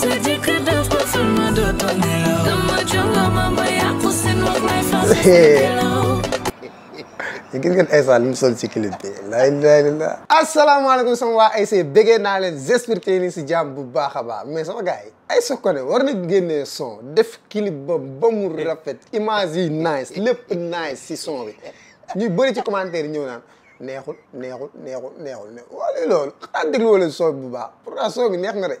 gis ngeen Aïssa li mu sol ci clip bi la ilaha illallah asalaamaaleykum sama waa Aïssa bëggee naa leen j'espère que ni si jàmm bu baax a baax mais sama gars yi Aïssa Koné war na génnee son def clip ba ba mu rafet image yi nice lépp nice si son bi ñu bëri ci commentaire yi ñëw naan neexul neexul neexul neexul neexul waaye loolu xanaa déglu wala son bu baax pourtant son bi neex na rek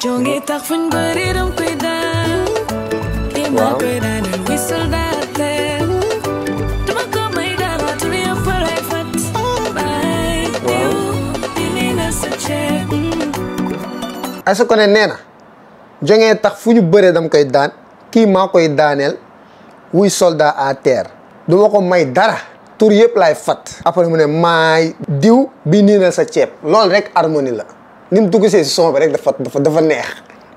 Jonge tak fun Ima whistle kone nena Jonge tak fuñu dam koy dan ki ma koy daanel soldat ter. terre duma ko may dara tour yep lay fat après mune ne may diw bi ni na sa ciep lol rek harmonie ni mu dugg see si son bi rek dafa dafa dafa neex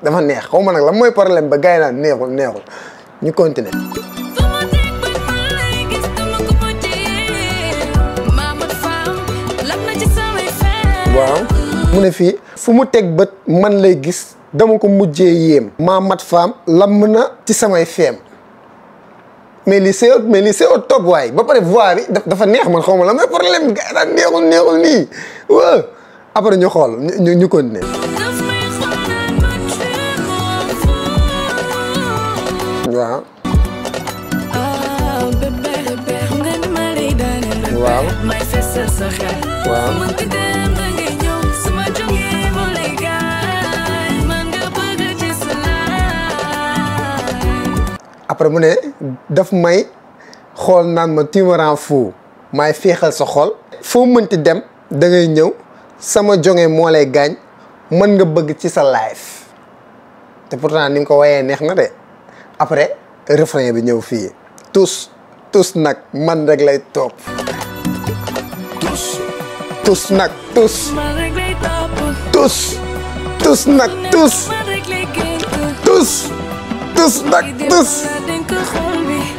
dafa neex xaw ma nag lan mooy problème ba gars yi naan neexul neexul ñu continuer. waaw mu ne fii fu mu teg bët man lay gis dama ko mujjee yéem. maa mat faam lam na ci samay feem mais lii c'est mais lii c'est ba pare voix bi dafa neex man xaw ma lan mooy problème gars yi neexul neexul nii après ñu xool ñu ñu continuer. après mu ne daf may xool naan ma tu me rends fou maay féexal sa xool foo mënti dem dangay ñëw sama jonge moo lay gaañ mën nga bëgg ci sa life te pourtant ni mu ko wayee neex na de après refrain bi ñëw fii tous tous nag man rek lay topp tous tous nag tous tous tous nag tous tous tous nag tous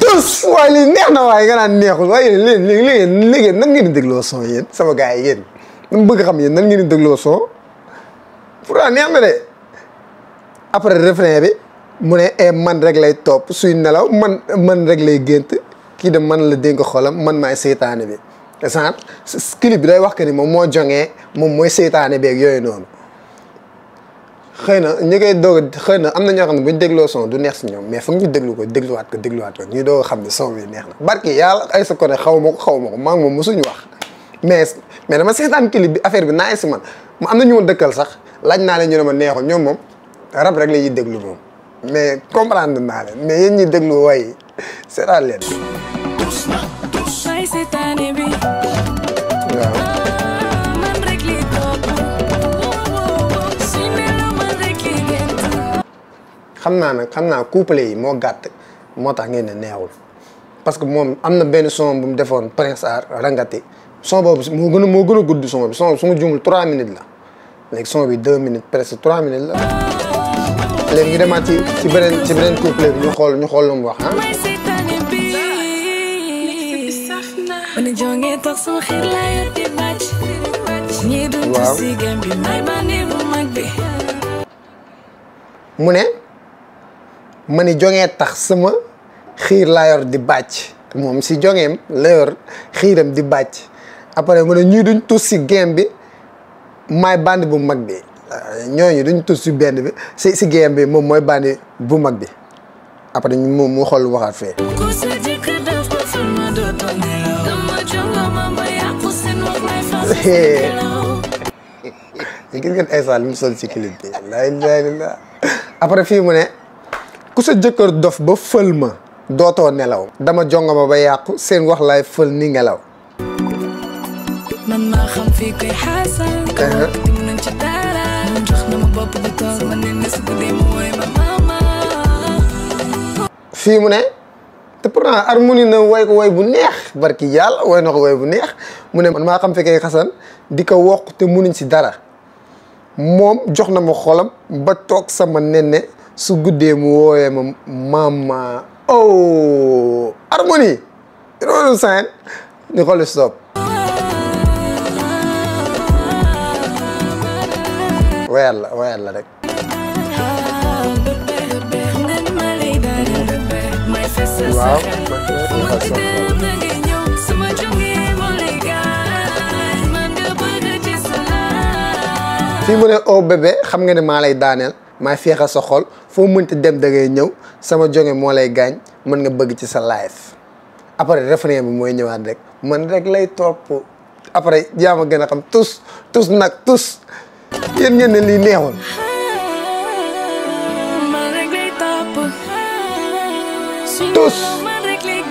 tous waaye lii neex na waaye nga naan neexul waaye yéen léegi léegi léegi nan ngeen di dégloo son yéen sama gars yi yéen dama bëgg xam yéen nan ngeen di dégloo son pourtant neex na de après refrain bi mu ne e man rek lay topp suy nelaw man man rek lay gént kii de man la dénk xolam man maay seytaane bi sant clip bi day wax que ni moom moo joŋee moom mooy seytaane beeg yooyu noonu xëy na ñi koy doog xëy na am na ñoo xam ne bu ñu dégloo son du neex si ñoom mais fu foog ñu déglu ko dégluwaat ko dégluwaat ko ñu doog xam ne son bi neex na barki yàlla ay sa ko ne xaw ma ko xaw ma ko maa ngi moom mosuñu wax mais mais dama seetaan clip bi affaire bi naa si man mu am na ñu ma dëkkal sax laaj naa leen ñu ne ma neexul ñoom moom rab rek la ñuy déglu moom mais comprendre naa leen mais yéen ñi déglu waaye seetaan leen. waaw. xam naa nag xam naa couple yi moo gàtt moo tax ngeen ne neexul parce que moom am na benn son bu mu defoon Prince Art rangati son boobu moo gën a moo gën a gudd son bi son su ma juumul trois minutes la léegi son bi deux minutes presque trois minutes la léegi ñu demaat ci ci beneen ci beneen couplet bi ñu xool ñu xool lu mu wax ah. waaw. mu ne ma ni jongee tax sama xiir laa yor di bàcc moom si jongeem la yor xiiram di bàcc. après mu ne ñuy duñ tus si game bi maay bandi bu mag bi ñooñu duñ tus ci benn bi si si game bi moom mooy bandi bu mag bi après moom mu xool waxaat fee gis ngeen Aïssa li mu sol si clip bi laa ilaaha après fii mu ne ku sa jëkkër dof ba fël ma dootoo nelaw dama jongoma ba yàqu seen wax laay fël ni ngelaw man maa si pourtant harmonie na woy ko woy bu neex barki na ko bu neex man xam di ko wokk te munuñ dara mom jox ma xolam ba sama nenne su guddee mu ma mama oh harmonie you know what I'm saying ni stop Well, well rek. Wow, fii mu ne o oh, bébé xam nga ne maa lay daaneel maa féexal sa xol foo dem da ngay ñëw sama jonge moo lay gaañ mën nga bëgg ci sa life après refrain bi mooy ñëwaat rek man rek lay topp après yaa gën a xam tous tous nag tous yéen ngeen ne lii neexul tus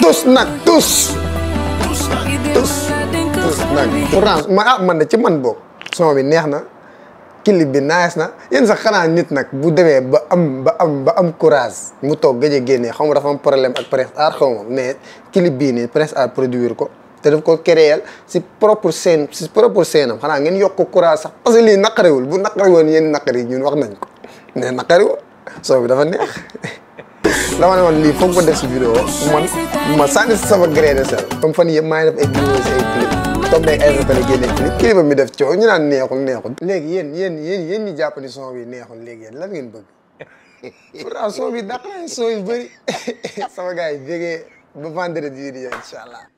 tus nag tus tus tus nag orange ma ah, man de ci man boog son bi neex na clip bi nice na yéen sax xanaa nit nag bu demee ba am ba am ba am courage mu toog gëj a génnee xaw ma dafa problème ak presse art xaw ma mais clip bii nii presse art produire ko te daf ko créer si propre scène si propre scène xana ngeen yok ko courage sax parce que lii naqariwul bu naqari woon yéen naqari ñun wax nañ ko nakari naqariwul so bi dafa neex dama ne li lii ko def ci vidéo man ma sànni sama gré de sel comme fan yëpp maa def ay vidéo si ay clip toog ay répété gene clip clip mi def ci ñu naan neexul neexul légui yeen yeen yeen yeen ñi jàpp ni son wi neexul légui yéen lan ngeen bëgg pourtant son bi dàq son yu sama gars yi ba vendredi di allah